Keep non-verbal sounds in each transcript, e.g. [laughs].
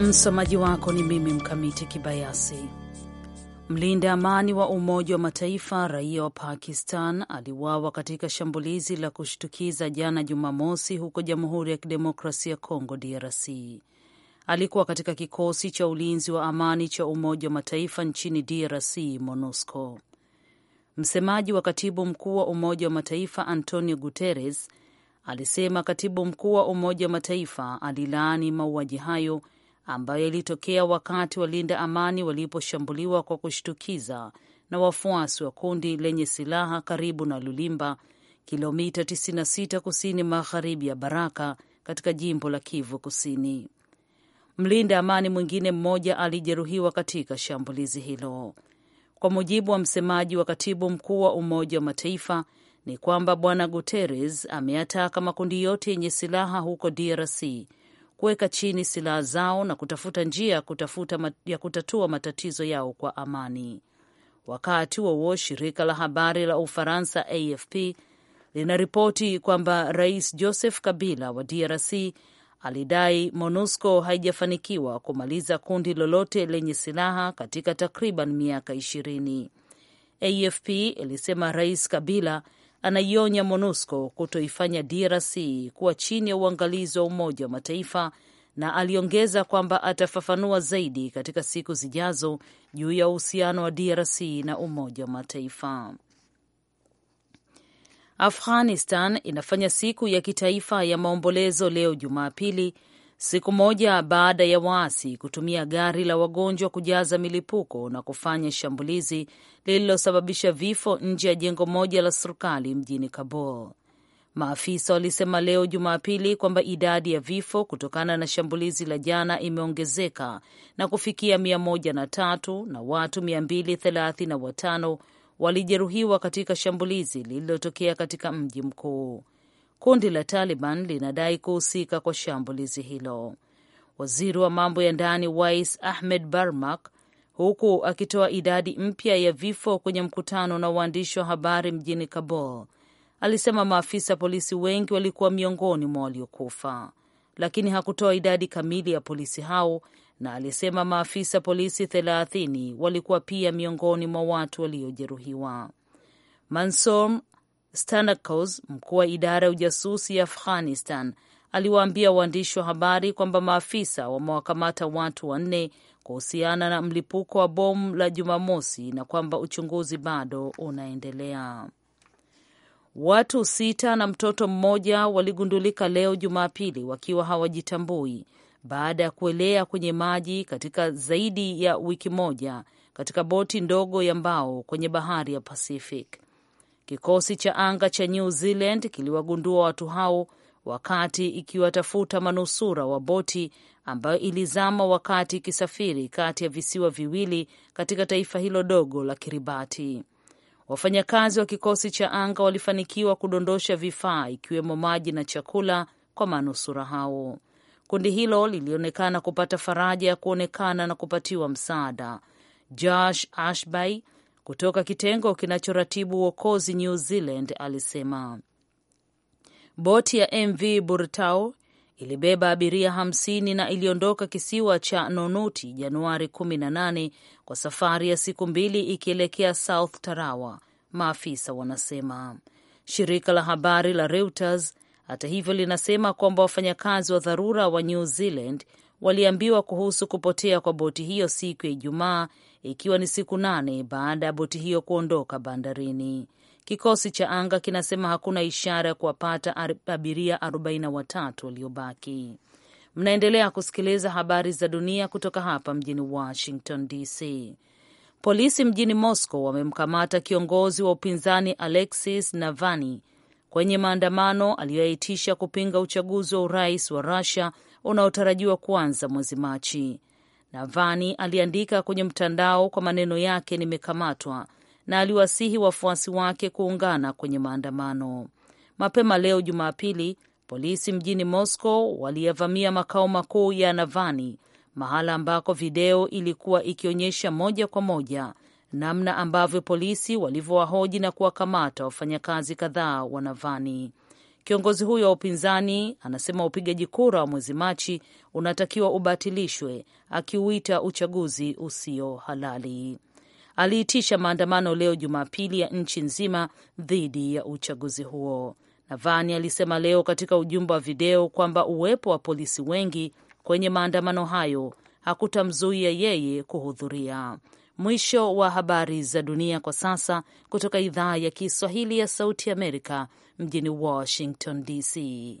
Msomaji wako ni mimi Mkamiti Kibayasi. Mlinda amani wa Umoja wa Mataifa raia wa Pakistan aliuawa katika shambulizi la kushtukiza jana Jumamosi huko Jamhuri ya Kidemokrasia ya Kongo, DRC. Alikuwa katika kikosi cha ulinzi wa amani cha Umoja wa Mataifa nchini DRC, MONUSCO. Msemaji wa katibu mkuu wa Umoja wa Mataifa Antonio Guterres alisema katibu mkuu wa Umoja wa Mataifa alilaani mauaji hayo ambayo ilitokea wakati walinda amani waliposhambuliwa kwa kushtukiza na wafuasi wa kundi lenye silaha karibu na Lulimba, kilomita 96 kusini magharibi ya Baraka katika jimbo la Kivu Kusini. Mlinda amani mwingine mmoja alijeruhiwa katika shambulizi hilo. Kwa mujibu wa msemaji wa katibu mkuu wa Umoja wa Mataifa ni kwamba Bwana Guterres ameataka makundi yote yenye silaha huko DRC kuweka chini silaha zao na kutafuta njia kutafuta ya kutatua matatizo yao kwa amani. Wakati huo shirika la habari la Ufaransa AFP linaripoti kwamba Rais Joseph Kabila wa DRC alidai MONUSCO haijafanikiwa kumaliza kundi lolote lenye silaha katika takriban miaka ishirini. AFP ilisema Rais Kabila anaionya MONUSCO kutoifanya DRC kuwa chini ya uangalizi wa Umoja wa Mataifa, na aliongeza kwamba atafafanua zaidi katika siku zijazo juu ya uhusiano wa DRC na Umoja wa Mataifa. Afghanistan inafanya siku ya kitaifa ya maombolezo leo Jumapili siku moja baada ya waasi kutumia gari la wagonjwa kujaza milipuko na kufanya shambulizi lililosababisha vifo nje ya jengo moja la serikali mjini Kabul. Maafisa walisema leo Jumapili kwamba idadi ya vifo kutokana na shambulizi la jana imeongezeka na kufikia mia moja na tatu na watu mia mbili thelathini na watano walijeruhiwa katika shambulizi lililotokea katika mji mkuu. Kundi la Taliban linadai kuhusika kwa shambulizi hilo. Waziri wa mambo ya ndani Wais Ahmed Barmak, huku akitoa idadi mpya ya vifo kwenye mkutano na waandishi wa habari mjini Kabul, alisema maafisa polisi wengi walikuwa miongoni mwa waliokufa, lakini hakutoa idadi kamili ya polisi hao, na alisema maafisa polisi thelathini walikuwa pia miongoni mwa watu waliojeruhiwa. Mansour Stanakos, mkuu wa idara ya ujasusi ya Afghanistan, aliwaambia waandishi wa habari kwamba maafisa wamewakamata watu wanne kuhusiana na mlipuko wa bomu la Jumamosi na kwamba uchunguzi bado unaendelea. Watu sita na mtoto mmoja waligundulika leo Jumapili wakiwa hawajitambui baada ya kuelea kwenye maji katika zaidi ya wiki moja katika boti ndogo ya mbao kwenye bahari ya Pacific. Kikosi cha anga cha New Zealand kiliwagundua watu hao wakati ikiwatafuta manusura wa boti ambayo ilizama wakati ikisafiri kati ya visiwa viwili katika taifa hilo dogo la Kiribati. Wafanyakazi wa kikosi cha anga walifanikiwa kudondosha vifaa ikiwemo maji na chakula kwa manusura hao. Kundi hilo lilionekana kupata faraja ya kuonekana na kupatiwa msaada. Josh Ashby, kutoka kitengo kinachoratibu uokozi New Zealand alisema boti ya MV Burtau ilibeba abiria 50 na iliondoka kisiwa cha Nonuti Januari 18 kwa safari ya siku mbili ikielekea South Tarawa, maafisa wanasema. Shirika la habari la Reuters hata hivyo linasema kwamba wafanyakazi wa dharura wa New Zealand waliambiwa kuhusu kupotea kwa boti hiyo siku ya Ijumaa ikiwa ni siku nane baada ya boti hiyo kuondoka bandarini. Kikosi cha anga kinasema hakuna ishara ya kuwapata abiria 43 waliobaki. Mnaendelea kusikiliza habari za dunia kutoka hapa mjini Washington DC. Polisi mjini Moscow wamemkamata kiongozi wa upinzani Alexis Navalny kwenye maandamano aliyoyaitisha kupinga uchaguzi wa urais wa Russia unaotarajiwa kuanza mwezi Machi. Navani aliandika kwenye mtandao kwa maneno yake, nimekamatwa, na aliwasihi wafuasi wake kuungana kwenye maandamano. Mapema leo Jumapili, polisi mjini Moscow waliyavamia makao makuu ya Navani, mahala ambako video ilikuwa ikionyesha moja kwa moja namna ambavyo polisi walivyowahoji na kuwakamata wafanyakazi kadhaa wa Navani. Kiongozi huyo wa upinzani anasema upigaji kura wa mwezi Machi unatakiwa ubatilishwe, akiuita uchaguzi usio halali. Aliitisha maandamano leo Jumapili ya nchi nzima dhidi ya uchaguzi huo. Navani alisema leo katika ujumbe wa video kwamba uwepo wa polisi wengi kwenye maandamano hayo hakutamzuia yeye kuhudhuria. Mwisho wa habari za dunia kwa sasa kutoka idhaa ya Kiswahili ya Sauti Amerika mjini Washington DC.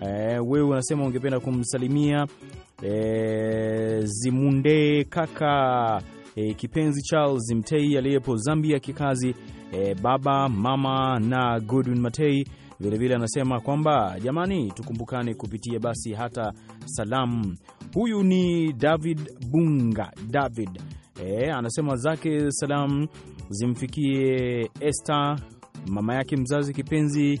E, wewe unasema ungependa kumsalimia e, Zimunde kaka e, kipenzi Charles Mtei aliyepo Zambia kikazi e, baba mama na Godwin Matei vilevile anasema kwamba jamani, tukumbukane kupitia basi hata salamu. Huyu ni David Bunga David e, anasema zake salamu zimfikie Esther mama yake mzazi kipenzi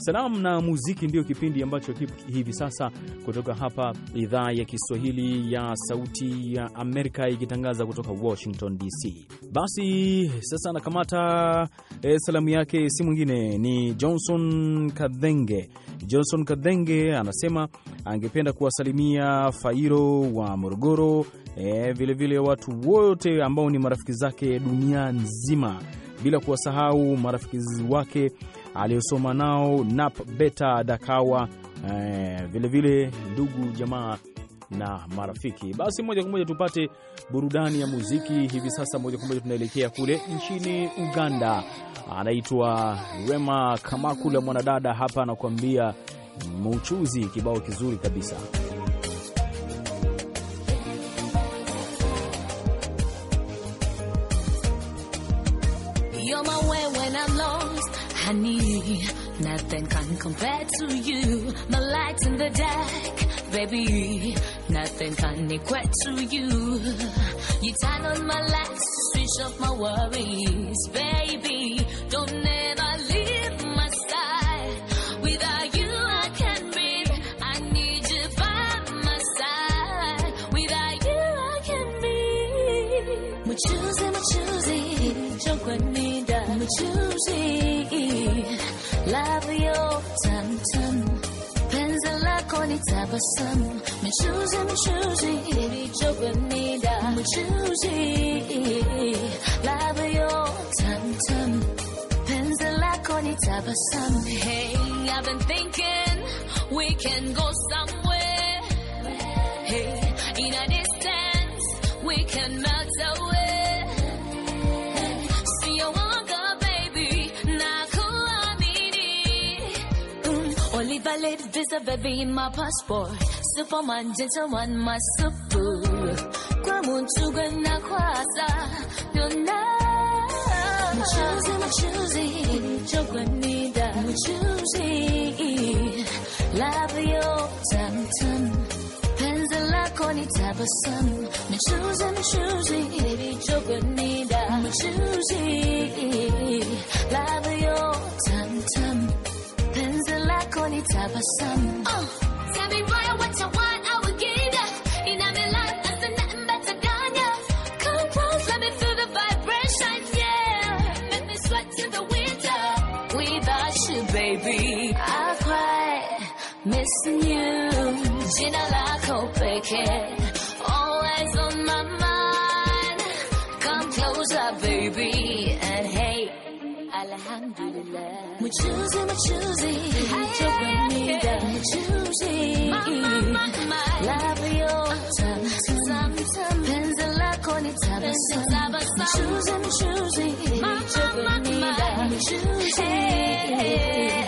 Salamu na muziki ndio kipindi ambacho kipo hivi sasa kutoka hapa idhaa ya Kiswahili ya Sauti ya Amerika ikitangaza kutoka Washington DC. Basi sasa nakamata e, salamu yake si mwingine ni Johnson Kadhenge. Johnson Kadhenge anasema angependa kuwasalimia Fairo wa Morogoro, vilevile eh, vile watu wote ambao ni marafiki zake dunia nzima bila kuwasahau marafiki wake aliyosoma nao Nap Beta Dakawa, vilevile eh, vile ndugu jamaa na marafiki. Basi moja kwa moja tupate burudani ya muziki hivi sasa. Moja kwa moja tunaelekea kule nchini Uganda, anaitwa Rema Kamakula, mwanadada hapa anakuambia muchuzi kibao kizuri kabisa. honey. Nothing can compare to you. My light in the dark, baby. Nothing can equate to you. You turn on my lights, switch off my worries, baby. Don't 원이 you, 벗음 매주지 매주지 비좁습니다 매주지 라브요 탐탐 Hey I've been thinking we can go somewhere Hey in a distance we can melt away Only validated visa, baby, in my passport. Superman, gentleman, my super. Kwa muntuga na kwasa, yona. Machuzi, machuzi, chokwa nida. choosing, love yo, tamtam. Penzi lako ni tabasamu. Machuzi, choosing, baby, chokwa nida. choosing, love yo, tamtam oh. Tell me right what you want, I will give ya In my life, nothing, nothing better than Come close, let me feel the vibration, yeah Make me sweat till the winter Without you, baby I cry, missing you Always on my mind Come closer, baby, and hey Alhamdulillah. We're choosing, we're choosing. Chocomida. We're choosing. Love your tum tum. Penzi lako ni tabasamu. Choosing, choosing. Chocomida. We're choosing.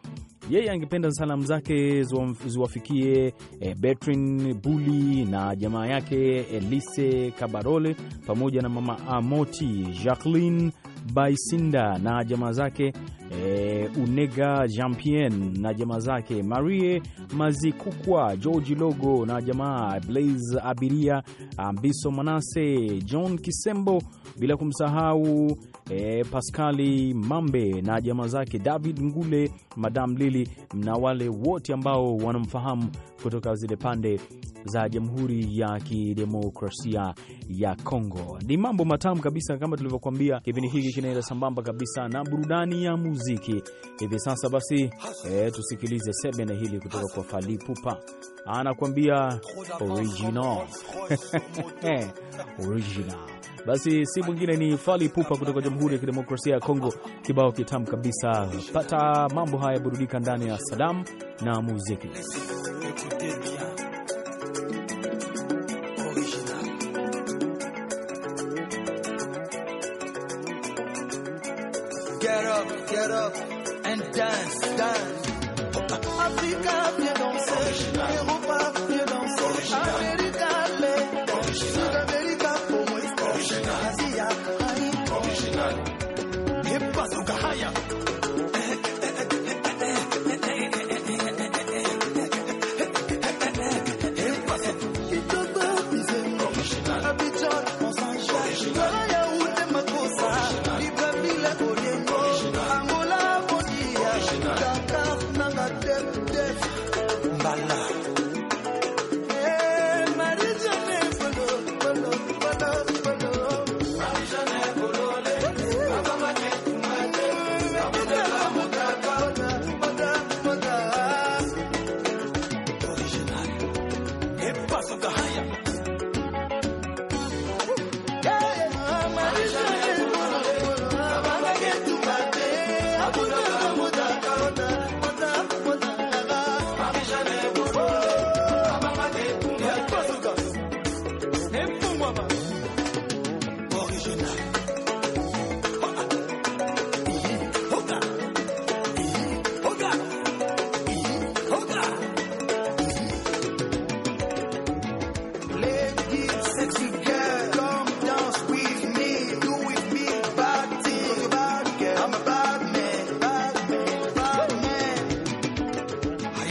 Yeye angependa salamu zake ziwafikie e, eh, Betrin Buli na jamaa yake Elise Kabarole pamoja na mama Amoti Jacqueline Baisinda na jamaa zake e, Unega Jampien na jamaa zake, Marie Mazikukwa, George Logo na jamaa, Blaze Abiria, Ambiso Manase, John Kisembo, bila kumsahau e, eh, Paskali Mambe na jamaa zake, David Ngule, Madam Lili na wale wote ambao wanamfahamu kutoka zile pande za Jamhuri ya Kidemokrasia ya Kongo. Ni mambo matamu kabisa, kama tulivyokuambia, kipindi hiki kinaenda sambamba kabisa na burudani ya muziki hivi sasa. Basi e, tusikilize sebene hili kutoka kwa Fally anakuambia original [laughs] original. Basi si mwingine ni Fali Pupa kutoka Jamhuri ya Kidemokrasia ya Kongo, kibao kitamu kabisa. Pata mambo haya, burudika ndani ya Salam na muziki. dance.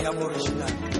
Maryam original.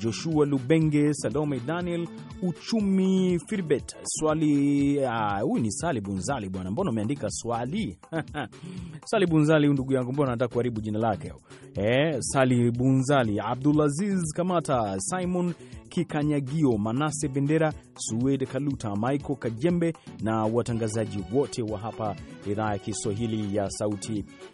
Joshua Lubenge, Salome Daniel, Uchumi Firbet, Swali. Ah, huyu uh, ni Sali Bunzali bwana, mbona umeandika swali? [laughs] Sali Bunzali ndugu yangu, mbona nataka kuharibu jina lake eh? Sali Bunzali, Abdulaziz Kamata, Simon Kikanyagio, Manase Bendera, Suede Kaluta, Michael Kajembe na watangazaji wote wa hapa idhaa ya Kiswahili ya Sauti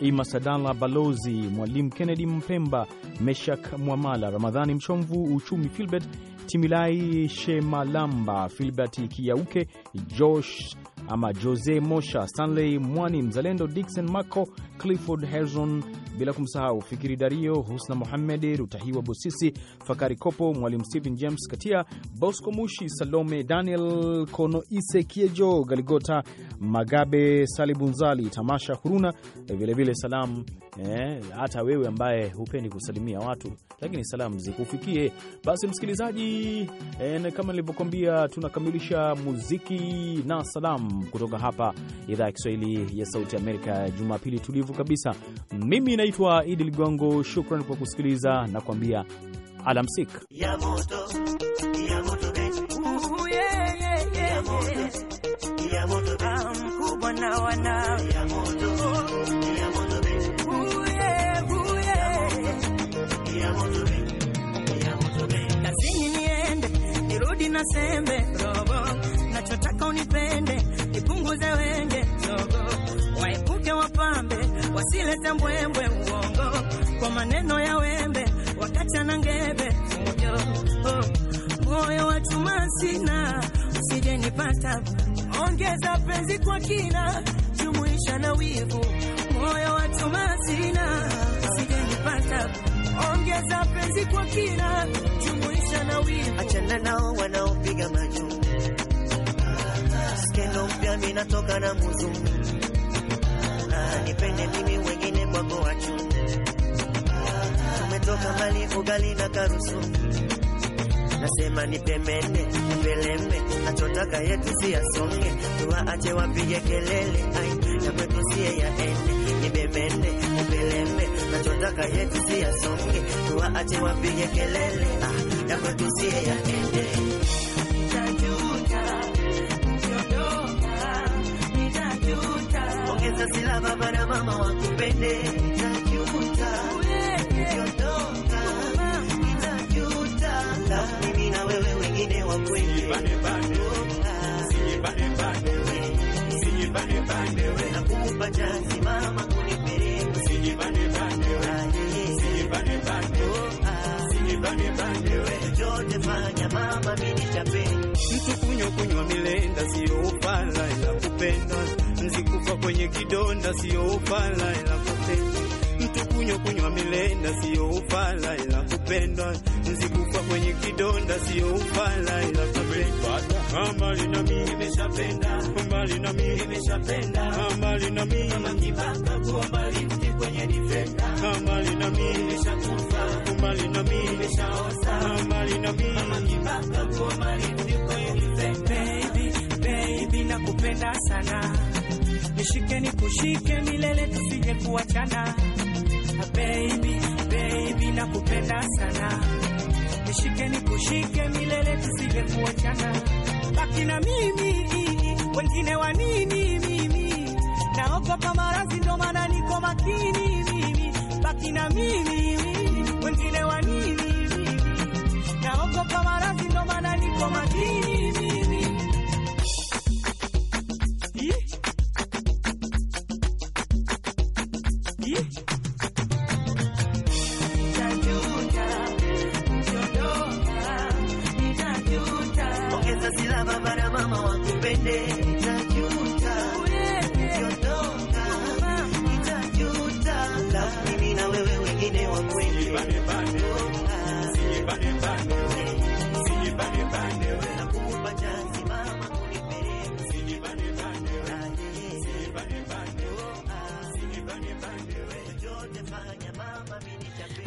Ima Sadala, Balozi Mwalimu Kennedy Mpemba, Meshak Mwamala, Ramadhani Mchomvu, Uchumi Filbert Timilai Shemalamba, Filbert kiauke Josh ama Jose Mosha, Stanley Mwani, Mzalendo Dikson maco Clifford Herzon, bila kumsahau Fikiri Dario, Husna Mohamed Rutahiwa, Bosisi Fakari Kopo, Mwalimu Stephen James Katia, Bosco Mushi, Salome Daniel Konoise, Kiejo Galigota Magabe, Salibunzali Tamasha Huruna, vilevile salamu eh, hata wewe ambaye hupendi kusalimia watu, lakini salamu zikufikie. Basi msikilizaji, eh, kama nilivyokuambia, tunakamilisha muziki na salamu kutoka hapa idhaa ya Kiswahili ya Sauti ya Amerika, Jumapili tulivu kabisa. Mimi naitwa Idi Ligongo, shukran kwa kusikiliza na kuambia alamsik ya moto, sina sembe robo, nachotaka unipende, nipunguze wenge sogo, waepuke wapambe, wasilete mbwembwe uongo, kwa maneno ya wembe, wakacha na ngebe moyo, moyo wa chuma sina, usije nipata, ongeza penzi kwa kina, jumuisha na wivu, moyo wa chuma sina, usije nipata, ongeza penzi kwa kina, jumuisha na wivu, achana nao wana mimi natoka na muzungu, ah, nipende mimi wengine kwako wachunde, umetoka mbali ugali na karusu, nasema nipemene peleme, atotaka yetu si tuwa ache wapige kelele, ai na kwetu siye yaende, nipemene peleme, atotaka yetu si tuwa ache wapige kelele, ah ya kwetu siye ene kazi la baba na mama wakupende kwenye kidonda sio ufala ila kupendwa. Mtu kunywa kunywa milenda sio ufala ila kupendwa. nzikufa kwenye kidonda sio ufala ila kupendwa. Mbali na mimi nimeshapenda, mbali na mimi nimeshapenda, mbali na mimi mama kibaka kwa mbali mje kwenye defender, mbali na mimi nimeshakufa, mbali na mimi nimeshaosa, mbali na mimi mama kibaka kwa mbali mje kwenye defender. Baby, baby nakupenda sana nishike nikushike milele tusije kuachana baby, baby nakupenda sana nishike nikushike milele tusije kuachana baki na mimi wengine wa nini mimi naogopa maradhi ndo maana niko makini mimi baki na mimi wengine wa nini mimi naogopa maradhi ndo maana niko makini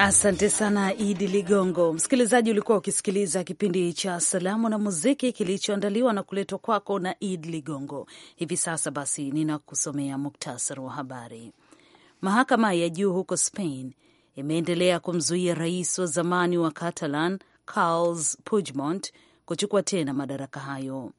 Asante sana Idi Ligongo. Msikilizaji, ulikuwa ukisikiliza kipindi cha Salamu na Muziki kilichoandaliwa na kuletwa kwako na Idi Ligongo. Hivi sasa basi, ninakusomea muktasari wa habari. Mahakama ya juu huko Spain imeendelea kumzuia rais wa zamani wa Catalan Carles Puigdemont kuchukua tena madaraka hayo.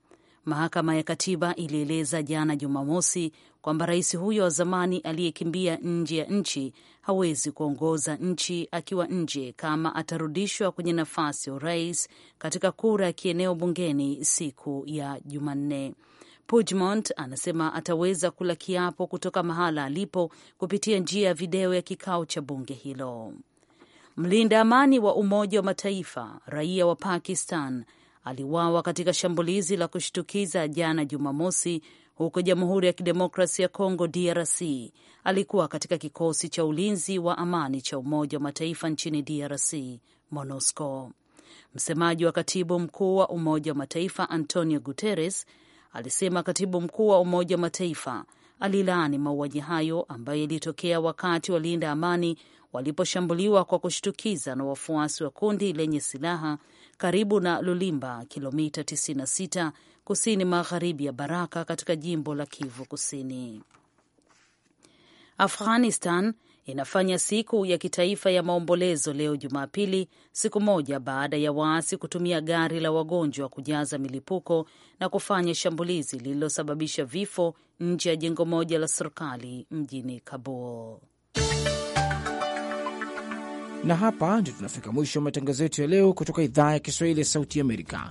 Mahakama ya Katiba ilieleza jana Jumamosi kwamba rais huyo wa zamani aliyekimbia nje ya nchi hawezi kuongoza nchi akiwa nje kama atarudishwa kwenye nafasi ya urais katika kura ya kieneo bungeni siku ya Jumanne. Puigdemont anasema ataweza kula kiapo kutoka mahala alipo kupitia njia ya video ya kikao cha bunge hilo. Mlinda amani wa Umoja wa Mataifa raia wa Pakistan aliwawa katika shambulizi la kushtukiza jana Jumamosi huko Jamhuri ya Kidemokrasia ya Kongo DRC. Alikuwa katika kikosi cha ulinzi wa amani cha Umoja wa Mataifa nchini DRC, MONUSCO. Msemaji wa katibu mkuu wa Umoja wa Mataifa Antonio Guterres alisema katibu mkuu wa Umoja wa Mataifa alilaani mauaji hayo ambayo yalitokea wakati walinda amani waliposhambuliwa kwa kushtukiza na wafuasi wa kundi lenye silaha karibu na Lulimba, kilomita 96 kusini magharibi ya Baraka katika jimbo la Kivu Kusini. Afghanistan inafanya siku ya kitaifa ya maombolezo leo Jumapili, siku moja baada ya waasi kutumia gari la wagonjwa kujaza milipuko na kufanya shambulizi lililosababisha vifo nje ya jengo moja la serikali mjini Kabul. Na hapa ndio tunafika mwisho wa matangazo yetu ya leo kutoka idhaa ya Kiswahili ya Sauti Amerika.